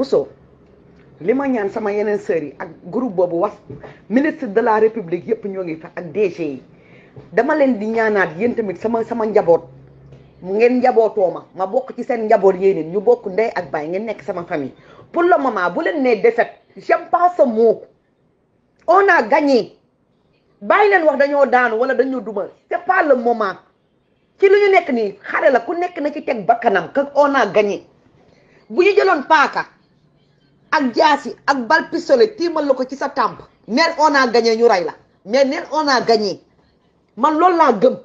Bousso li ma ñaan sama yeneen sœurs yi ak group boobu wax ministre de la république yëpp ñoo ngi fa ak DG yi dama leen di ñaanaat yéen tamit sama sama njaboot mu ngeen njabootoo ma ma bokk ci seen njaboot yéeneen ñu bokk ndey ak baay ngeen nekk sama famille pour le moment bu leen nee défaite j'aime pas ce mot on a gagné bàyyi leen wax dañoo daanu wala dañoo duma c'est pas le moment ki lu ñu nekk nii xare la ku nekk na ci teg bakkanam que on a gagné bu ñu jëloon ak jaasi ak bal pistolet tiimal la ko ci sa tàmp neen on a ñu rey la mais neen on a man loolu laa gëm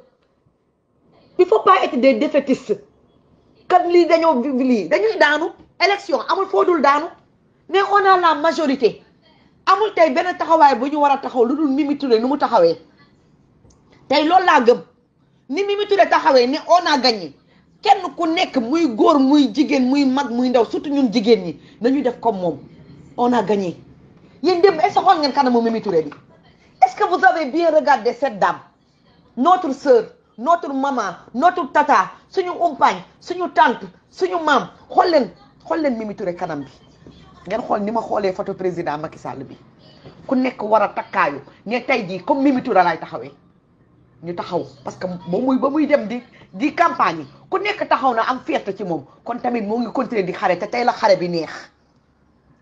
il faut pas être des lii dañoo lii dañuy daanu élection amul foo dul daanu mais on laa majorité amul tey benn taxawaay bu ñu war a taxaw lu dul Mimi nu mu taxawee tey loolu laa gëm ni Mimi Touré taxawee ne on a gagné kenn ku nekk muy góor muy jigéen muy mag muy ndaw surtout ñun jigéen ñi nañu def comme moom on a gagné yéen démb est-ce que xool ngeen kanamu Mimi Touré bi est-ce que vous avez bien regardé cette notre sœur notre maman notre tata suñu compagne suñu tante suñu maam xool leen xool leen Mimi kanam bi ngeen xool ni ma xoolee photo président Macky Sall bi ku nekk war a takkaayu ne tey jii comme Mimi Touré laay taxawee. ñu taxaw parce que ba muy ba muy dem di di campagne yi ku nekk taxaw na am fierté ci moom kon tamit moo ngi continuer di xare te tey la xare bi neex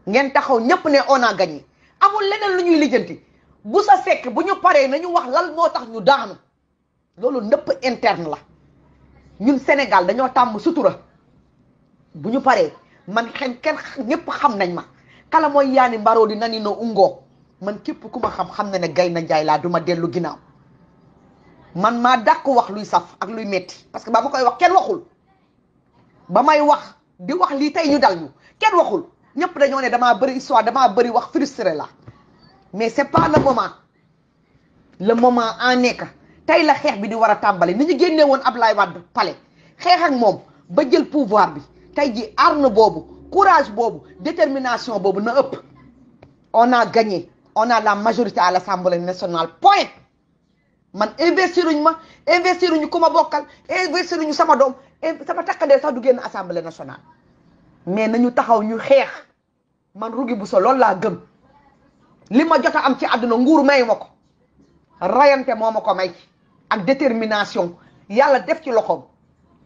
ngeen taxaw ñépp ne on a gagné amul leneen lu ñuy lijjanti bu sa sekk bu ñu paree nañu wax lan moo tax ñu daanu loolu nëpp interne la ñun Sénégal dañoo tàmm sutura bu ñu paree man xen kenn ñëpp xam nañ ma kala mooy yaani mbaroo di nani no ungoo man képp ku ma xam xam na ne gay na njaay laa duma dellu ginnaaw man maa dàq wax luy saf ak luy metti parce que ba ma koy wax kenn waxul ba may wax di wax lii tey ñu dal ñu kenn waxul ñëpp dañoo ne damaa bëri histoire damaa bëri wax frustré la mais c'est pas le moment le moment en est tey la xeex bi di war a tàmbali ni ñu génnee woon lay Wade palais xeex ak moom ba jël pouvoir bi tey ji arme boobu courage boobu détermination boobu na ëpp on a gagné on a la majorité à l'Assemblée national point man investiruñ ma investiruñu ku ma bokkal investiruñu sama doom eh, sama takkandee sax du génn assemblée nationale mais nañu taxaw ñu xeex man Rougui Bousso loolu laa gën li ma jot a am ci àdduna nguur may ma ko rayante moo ma ko may ak détermination yàlla def ci loxoom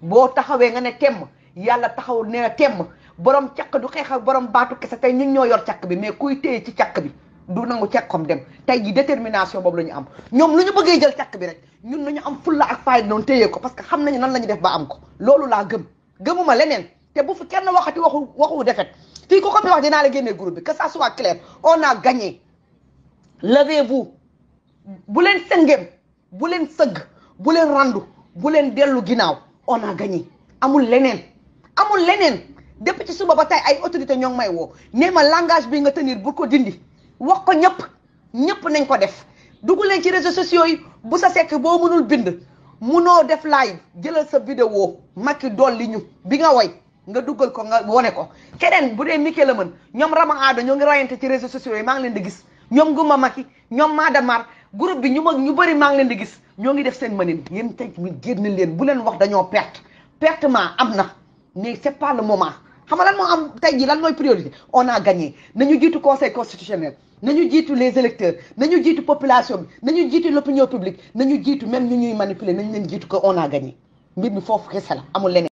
boo taxawee nga ne temm yàlla taxaw ne temm borom caq du xeex ak borom baatu kese tey ñun ñoo yor caq bi mais kuy téye ci càq bi du nangu cek comme dem tey jii détermination boobu la ñu am ñoom lu ñu bëggee jël càkk bi rek ñun ñu am fulla ak fayda noonu téye ko parce que xam nañu nan la ñu def ba am ko loolu laa gëm gëmuma leneen te bu fu fi kenn waxati waxu waxu defet fii ko ko bi wax dinaa la génnee groupe bi que ça soit clair on a gagné levez-vous bu leen sëgg bu leen bu leen dellu ginnaaw on a gagné amul leneen amul leneen depuis ci suba ba tey ay autorité ñoo may woo nee ma langage bi nga tenir bu ko dindi wax ko ñëpp ñëpp nañ ko def dugg leen ci réseaux sociaux yi bu sa sekk boo mënul bind munoo def live jëlal sa vidéo Macky dolli ñu bi nga woy nga duggal ko nga wone ko keneen bu dee Mike la mën ñoom Rama Aado ñoo ngi rayante ci réseaux sociaux yi maa ngi leen di gis ñoom Gumba Macky ñoom Madamar groupe bi ñu mag ñu bari maa ngi leen di gis ñoo ngi def seen ma mënin yéen tey mi génn leen bu leen wax dañoo perte pertement am na mais c'est pas moment xam nga lan moo am tey jii lan mooy priorité on a gagné nañu jiitu conseil constitutionnel ñu jiitu les électeurs nañu jiitu population bi nañu jiitu l'opinion publique nañu jiitu même ñu ñuy manipuler nañu leen jiitu ko on a gagné mbir mi foofu kese la amul leneen.